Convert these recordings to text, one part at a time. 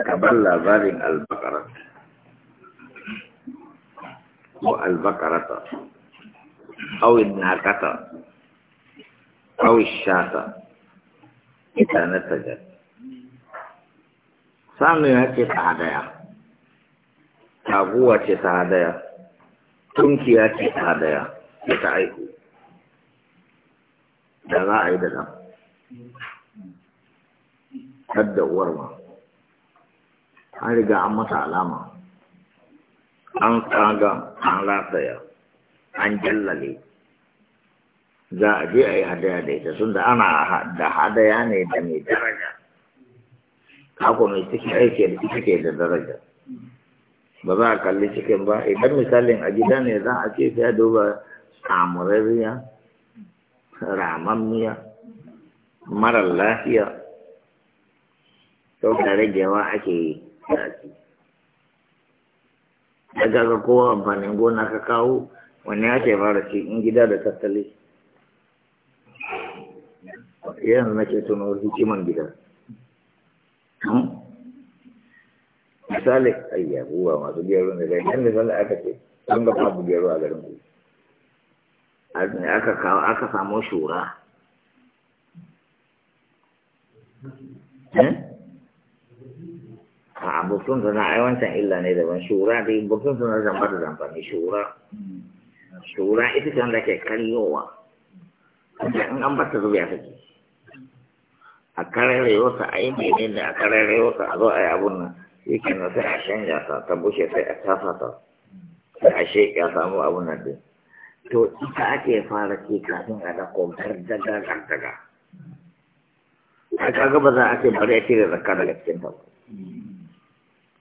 تبلى بارين البقرة البقرة أو النهاكة أو الشاة إذا نتجت سامي هكي تهدايا تابوة تهدايا تنكي هكي تهدايا تتعيكو دلائي دلائي تبدأ an riga an masa alama an tsaga an rataya an jallale za a je a yi hadaya da ita sun da ana da hadaya ne da mai daraja haka mai ciki aiki da ciki da daraja ba za a kalli cikin ba idan misalin a gida ne za a ce sai duba samurariya ramammiya mara lafiya sau da ragewa ake yi daji daga ga kowa amfanin gona ka kawo wani ya ke fara ce in gida da tattali yanzu nake tuno hikiman gida hmm? misali ayya ruwa masu gero ne zai yan misali aka ce sun ga babu gero a garin ku aka kawo aka samu shura hmm? a bukun suna ai wancan illa ne daban shura da dai bukun suna zamba da zamba ne shura shura ita ce da ke karyowa wanda in an bata zubi ya take a kararewa ta a yi mene da a kararewa ta a zo a yi abun nan shi ke sai a shan yasa ta bushe sai a tasa ta sai a sheƙa samu abun nan din to ita ake fara ce kafin a da kwamfar daga daga a kaga ba za a ce bari a cire zakka daga cikin ta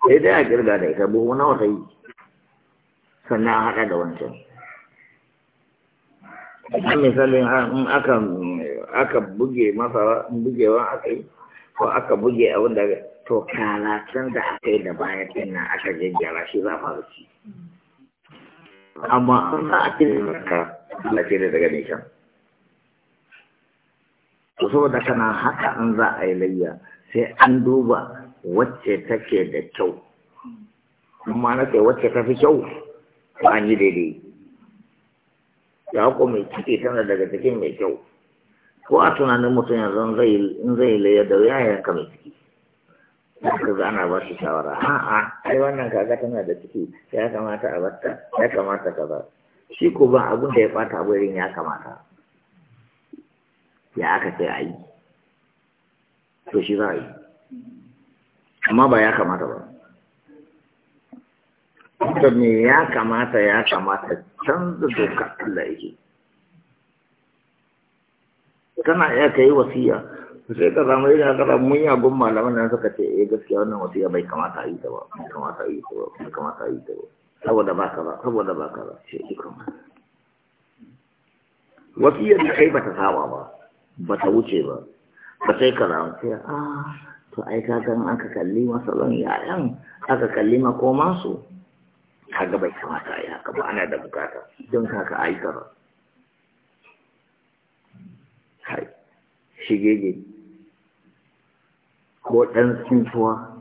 sai dai a girga da ita buhu nawa ta yi sannan a haɗa da wancan a misalin in aka aka buge masa bugewa aka yi ko aka buge abin da to kalatan da aka yi da bayan ina aka jajjara shi za a fara ci amma an za a da maka Allah cire daga nishan to saboda kana haka an za a yi layya sai an duba wacce take da kyau amma na ce wacce ta fi kyau an yi daidai ya ko mai ciki tana daga cikin mai kyau ko a tunanin mutum yanzu in zai laye da ya yanka mai ciki ka za ana ba shi shawara a'a ai wannan kaga tana da ciki ya kamata a batta ya kamata ka ba shi ko ba abin da ya bata wurin ya kamata ya aka sai a yi to shi za a yi amma ba ya kamata ba ta me ya kamata ya kamata canza doka Allah yake kana iya ka yi wasiya sai ka zama yana kada mun yi agun malaman nan suka ce eh gaskiya wannan wasiya bai kamata yi ta ba bai kamata yi ta ba bai kamata yi ta ba saboda ba ka ba saboda ba ka ba ce ikon wasiyar da kai ba ta saba ba ba ta wuce ba ba sai ka zama sai a ah, to ai kagan aka kalli masalan yayan aka kalli makomansu kaga bai kamata ya haka ba ana da bukata don kaka aikar kai shigege ko ɗan tsintuwa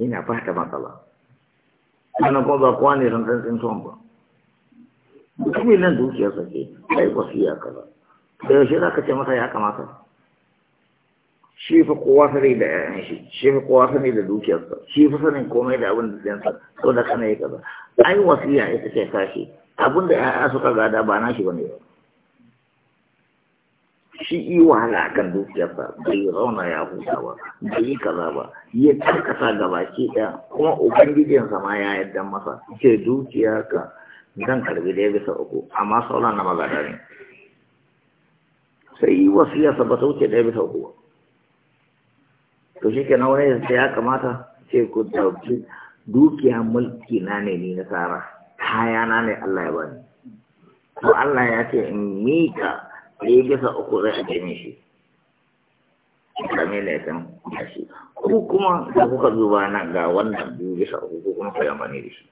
yana ba ta matsala ana kuma ba kowa ne ran ɗan tsintuwan ba mutumin nan dukiyar sake kai wasu ya kaza da yaushe za ka ce masa ya kamata shi fi kowa sani da ƴaƴan shi shi fi kowa sani da dukiyarsa shi fi sanin komai da abin da zinsa ko da kana yi kaza ai wasiya ita ce shi abin da ƴaƴa suka gada ba na shi bane ba shi yi wahala akan dukiyarsa bai rauna ya huta ba bai yi kaza ba ya karkasa ga baki ɗaya kuma ubangijinsa ma ya yadda masa ce dukiya ka zan karbi da ya bisa uku amma sauran na magana ne sai yi wasiyarsa ba ta da ya bisa uku ba to shi ke wani da ya kamata ce ku dauki dukiya mulki na ne ni na tsara kaya na ne Allah ya bani to Allah ya ce in mika yi bisa uku zai ake ne shi kame laifin ya shi ku kuma da kuka zuba na ga wannan biyu bisa uku ko kuma kayan amfani da shi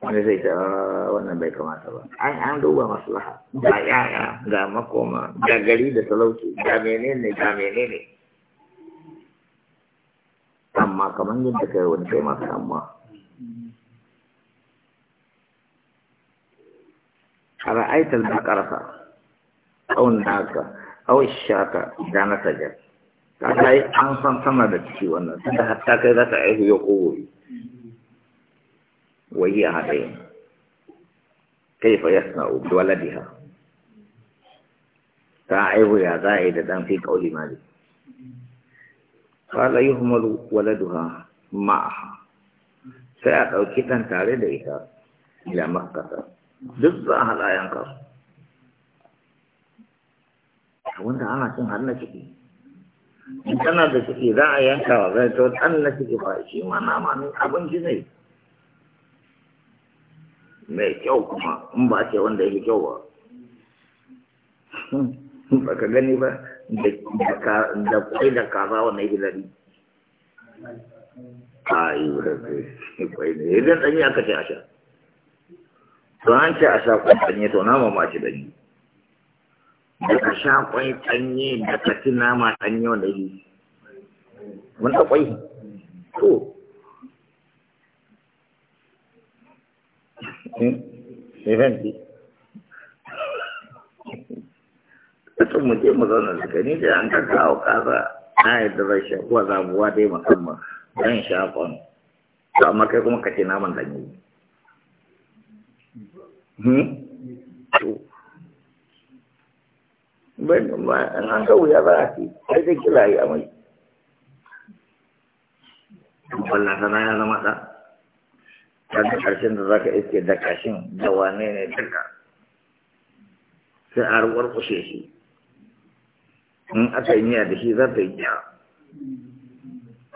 wani zai ta ah, wannan bai kamata ba an an duba maslaha ga yaya ga makoma ga gari da talauci ga menene ga menene sama kamar yadda kai wani kai ma sama a da ƙarfa ƙaun da haka ƙawai shaka da na sajar ta kai an san sama da ciki wannan sun kai za ta aihu ya kowai wai ya haɗe kai fa ya sana ubi wala diha ta aihu ya za yi da ɗan fi ƙauli ma kala yi waladuha ma'aha sai a ɗauki ɗan tare da ita ila makata duk za a haɗa yanka wanda ana cin har na ciki in tana da ciki za a yanka wa zai to ɗan na ciki ba shi ma nama ne abinci ne mai kyau kuma in ba ce wanda yake kyau ba ba ka gani ba da kwai da kaza wannan yake daɗi a yi kwai ne idan ɗanyi aka ce a sha to an ce a sha kwan ɗanye to nama ma ci ɗanye da ka sha kwai ɗanye da ka ci nama ɗanye wanda yi wanda kwai to ne hmm? fahimci Mutum mu je mu zauna da ni da an ka kawo kaza na yadda zai sha kuwa zabuwa dai musamman zan sha kwan. To amma kai kuma ka ce naman da ɗanye. Hmm? Bai ma an ga wuya za a fi, kai zai kila yi mai. Wallah sana ya zama ɗan. Kaga ƙarshen da za ka iske da kashin da wane ne duka. Sai a rubar kushe shi. in aka yi niyya da shi za ta yi ja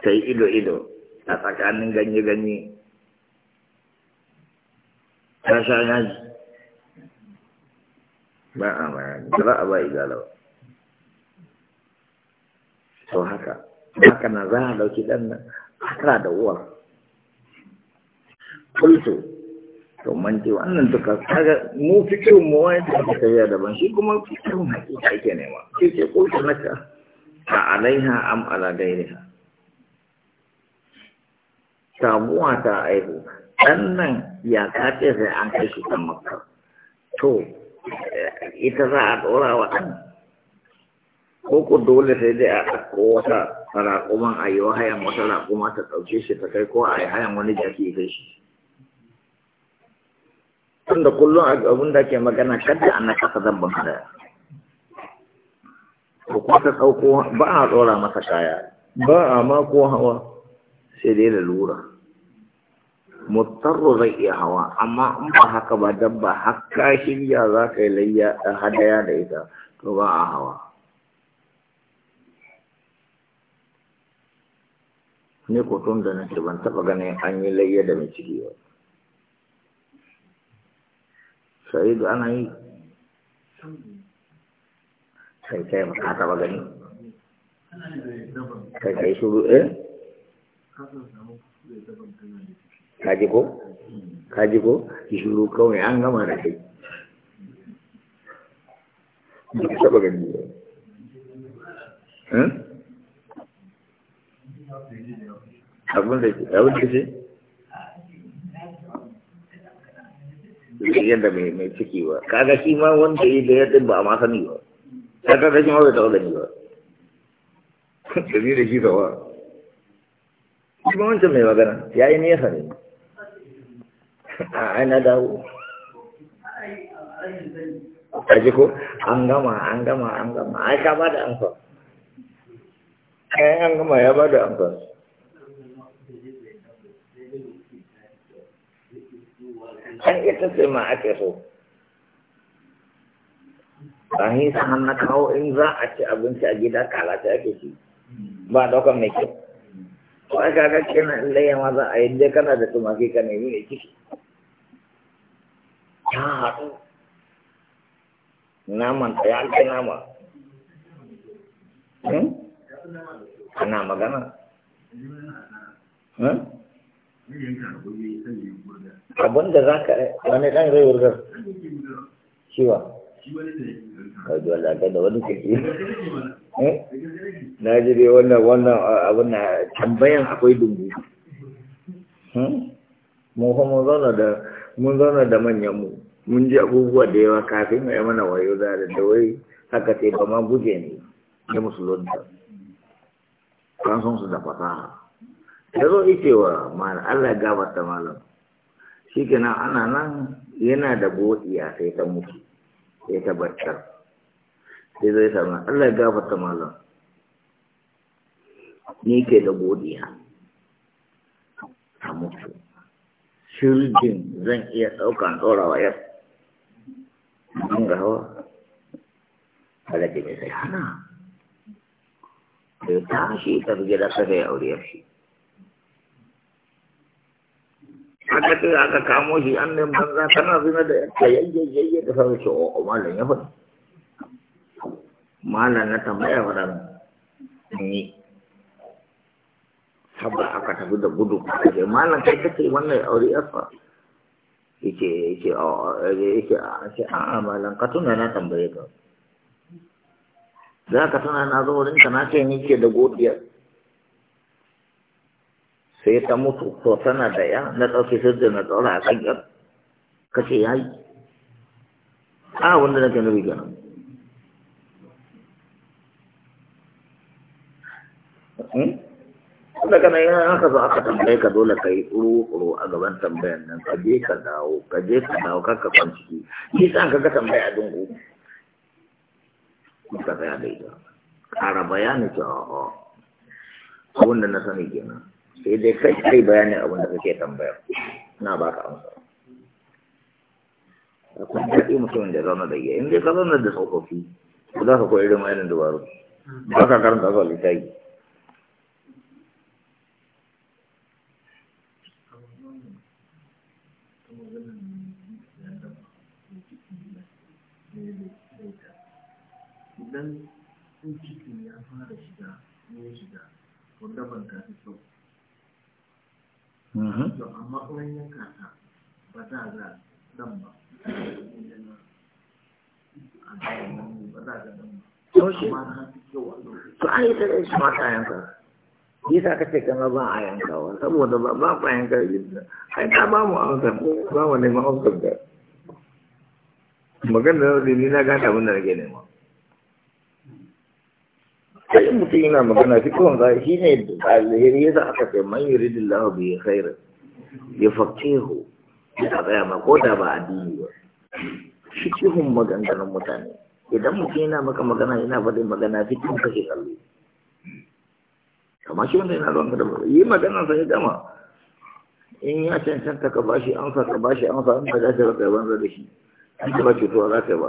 ta yi ido-ido a tsakanin ganye-ganye ta sha yaji ba a bayani ba za a ba igala to haka haka na za a dauki ɗan nan haka da uwa kultu to manti wannan duka kaga mu fikiru mu wai da aka tafiya daban shi kuma fikirin hakika ne ma shi ce ko ta naka a alaiha am ala gairiha samuwa ta aihu dan nan ya kace sai an kai shi kan makka to ita za a dora wa kan ko ko dole sai dai a ɗauko wata raƙuman a yi wa hayan wata raƙuma ta ɗauke shi ta kai ko a yi hayan wani jaki kai shi tunda kullum abin da ke magana kada an na kasa zamban kaya ko kuma ta sauko ba a tsora masa kaya ba a ma ko hawa sai dai lura mutarro zai iya hawa amma in ba haka ba dabba haka shirya za ka yi layya hadaya da ita to ba a hawa ne ko tun da nake ban taɓa ganin an yi layya da mai ciki ba Eh, sa'idu ana yi kai kai maka taba gani kai kai shuru eh kaji ko kaji ko ki shuru kawai an gama da kai ba taba gani ba abin da ke abin da ke zai yadda mai mai ciki ba kaga shi ma wanda yi da yadda ba a ma sani ba kaga da shi ma bai taɓa ni ba da ni da shi wa shi ma wancan mai magana ya yi nesa ne a ina dawo a ji ko an gama an gama an gama ai ka ba da amsa ai an gama ya ba da amsa an ita ce ma ake so ba ni sa na kawo in za a ci abinci a gida kalata ake ci ba daukan mai kyau ko a kaga kenan in layya ma za a yi dai kana da tumaki ka ya nama hmm? ana Hmm? abin da za ka wani ɗan zai wurgar shiwa kawai wala ga da wani kake eh? na ji dai wannan wannan abin na tambayan akwai dubu hmm? mun kuma zauna da mun zauna da manyan mu mun ji abubuwa da yawa kafin ya mana wayo da da wai haka sai ba ma guje ne ya musulunta kan sun su da fasaha ya zo ike wa malam Allah gabata malam shi ke nan ana nan yana da bodiya sai ta mutu sai ta baccar sai zai sami Allah gabata malam ni ke da bodiya ta mutu Shirjin zan iya ɗaukan tsorawa yar an ga hawa alaƙi ne sai hana ta tashi ta fi gida saka ya aure shi aka ce aka kamo shi an ne banza kana zina da yadda yayyayyaye da sauran shi o oh, oh, malam ya faɗi malam na tambaya wadan ni saboda aka tafi da gudu kaje malam kai kace wannan aure yafa yake yake yake yake a malam ka tuna na tambaye ka za ka tuna na zo wurin ka na ce ni ke da godiyar sai ta mutu to tana da ya na ɗauke sirri na tsora a kan ka ce ya yi a wanda na nufi ganin Wanda hmm? kana yin haka zo aka tambaye ka dole ka yi tsuru a gaban tambayan nan ka je ka dawo ka je ka dawo kar ka kwanci shi sa ka ga tambaya a dungu ka tsaya da ita ƙara bayani ce a'a abin da na sani kenan sai dai kai kai bayanin abin da kake tambaya na baka amsa akwai daɗi mutumin da zauna da iya inda ka zauna da tsofaffi ba za ka koyi irin wayanin dubaru ba ka karanta zuwa littafi idan in ciki ya fara shiga ne shiga wanda ban ta fi kyau Mm-hmm. to amma kuma yanka a ba za ga dan ba to an yi tare shi mata yanka yasa ka ce ba a yankawa saboda ba ba ba yanka ai ba mu amsa ko ba wani neman amsa da magana da ni na gata abin da nake sai mutum yana magana fi kowane zai shi ne alheri ya za aka kai man yuri da lahu bi ya khairu ya fakke hu ya tsaya ma ko da ba addini ba shi cihun maganganun mutane idan mutum yana maka magana yana faɗin magana fi kan kashe kallo kamar shi wanda yana zuwa da magana yi magana sai ya gama in ya cancanta ka bashi amsa ka bashi amsa in ka dace ka banza da shi an ka ba cutuwa za ka ba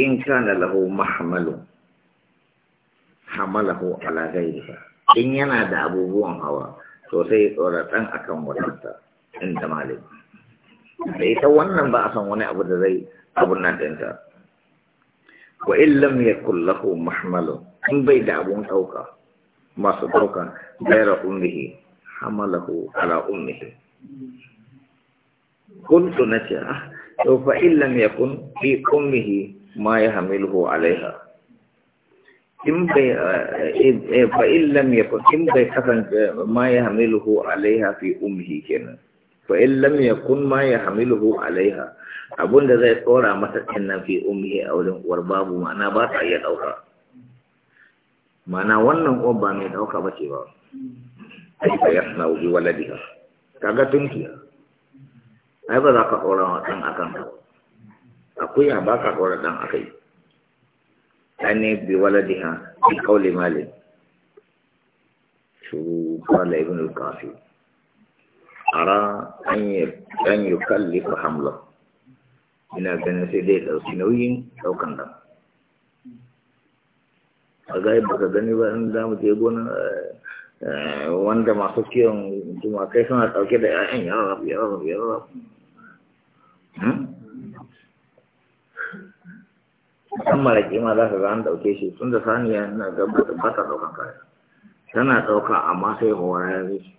in kana lahu mahmalu hamalahu ala ghairiha in yana da abubuwan hawa to sai tsoratan akan wadanta inda malik da ita wannan ba a san wani abu da zai abun nan ɗinta wa illam yakul lahu mahmalu in bai da abun ɗauka masu ɗauka gaira ummihi hamalahu ala ummihi kuntu nace ah to fa in illam yakun fi ummihi Maya ya hamilu alaiha in bai uh, fa illam yakun in bai kasance uh, maya ya hamilu alaiha fi umhi kenan fa illam yakun kun maya hamilu alaiha abunda zai tsora masa kenan fi umhi a wurin uwar babu ma'ana ba ta iya ɗauka, ma'ana wannan uwar ba mai ɗauka ba ce ba ai fa ubi bi ka ga tunkiya ai ba za ka tsora wa kan akan ka akwai ba ka ɗora dan a kai ne bi waladiha bi kaule mali. shuru kwallo ibn al-kafi ara an yi kallifa hamla ina ganin sai dai ɗauki nauyin ɗaukan ɗan a gaya baka gani ba in za mu je gona eh, wanda masu kiyon tumakai suna ɗauke da ya yararraf ya yararraf an maraƙi ma za ka ga an ɗauke shi tun da saniya na gabata ba ta ɗaukan kaya tana ɗauka amma sai hora ya zai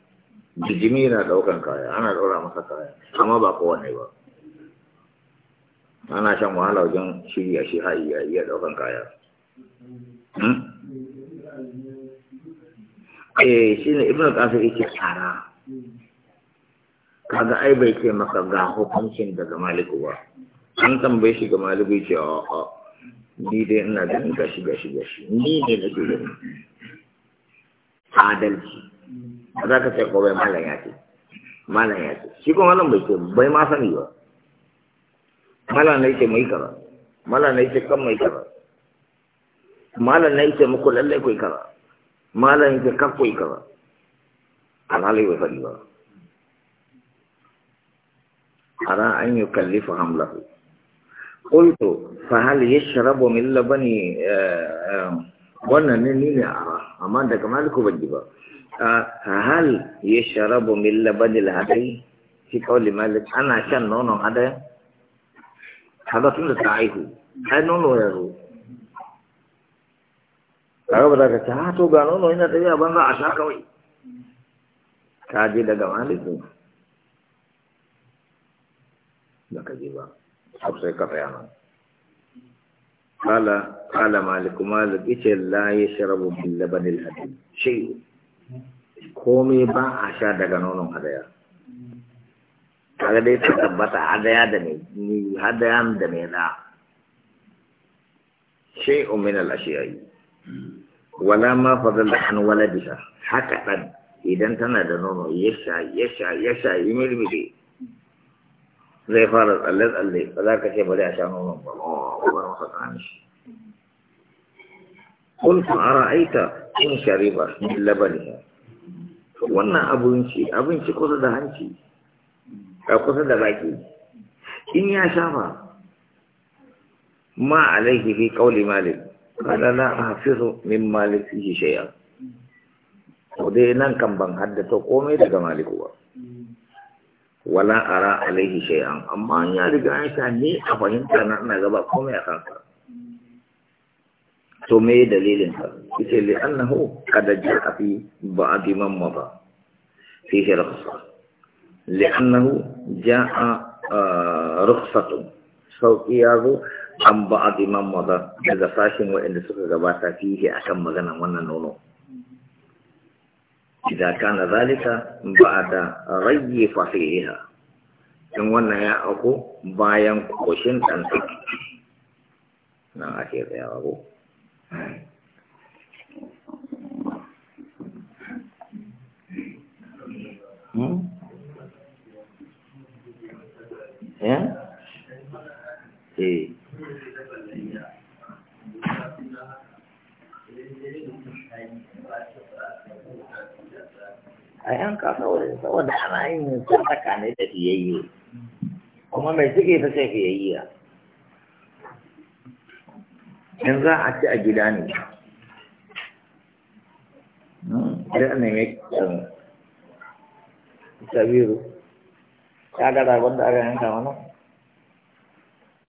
bijimi na ɗaukan kaya ana ɗaura masa kaya amma ba kowane ba ana shan wahala wajen shirya shi har iya iya ɗaukan kaya hmm? eh shi ne ibn kasir yake tsara kaga ai bai ce maka ga hukuncin daga maliku ba an tambaye shi ga maliku ce a ni dai ina ganin gashi gashi gashi ni ne nake gani adalci ba za ka ce ko bai malam ya ce malam ya ce shi ko malam bai ce bai ma sani ba malam na yake mai kaza malam na yake kan mai kaza malam na yake muku lallai kai kaza malam yake kan kai kaza alhali bai sani ba ara an yi kallifa hamlahu قلت فهل يشرب min لبن wannan ne ni ne amma daga maliku ban ji ba hal ya sharabu min labanil hadai fi kawli malik ana shan nonon hadai kaga tun da ta aihu ai nono ya zo kaga ba za ka ta, ha to ga nono yana tafiya ban za a sha kawai ka je daga maliku ba ka je ba أبو سيكر قال قال مالك مالك إيش لا يشرب باللبن الهدي شيء كومي با عشاء دقنون هذا يا هذا دي تتبت هذا يا دني هذا يا دني لا شيء من الأشياء ولا ما فضل حن ولا بشر حتى قد إذا انتنا دنونو يشا يشا يشا يمير بديه zai fara tsalle-tsalle ba za ka ce bari a sha nonon ba oh, bar masa kani shi kulkun a ra'aita in shariba min wannan abinci abinci kusa da hanci a kusa da baki in ya sha ba ma alaihi fi kauli malik kada na hafizu min malik fihi shay'a to dai nan kan ban haddata komai daga maliku ba wala ara alaihi shay'an amma ya riga an sa ni a fahimta na ina gaba komai a kanka. to me dalilin ka yace li annahu qad ja'a fi ba'd man mada fihi rukhsa li annahu ja'a rukhsatun sauki zo an ba'd man mada daga sashin wa'anda suka gabata fihi akan maganan wannan nono idan kana zalika da rayyi fasiha dan wannan ya ako bayan koshin dan na ake ya ako Mm-hmm. saboda ana yin sadaka ne da fiyayye kuma mai suke ta ce fiyayya in za a ci a gida ne da ne mai sabiru ya ga ragon da aka yanka mana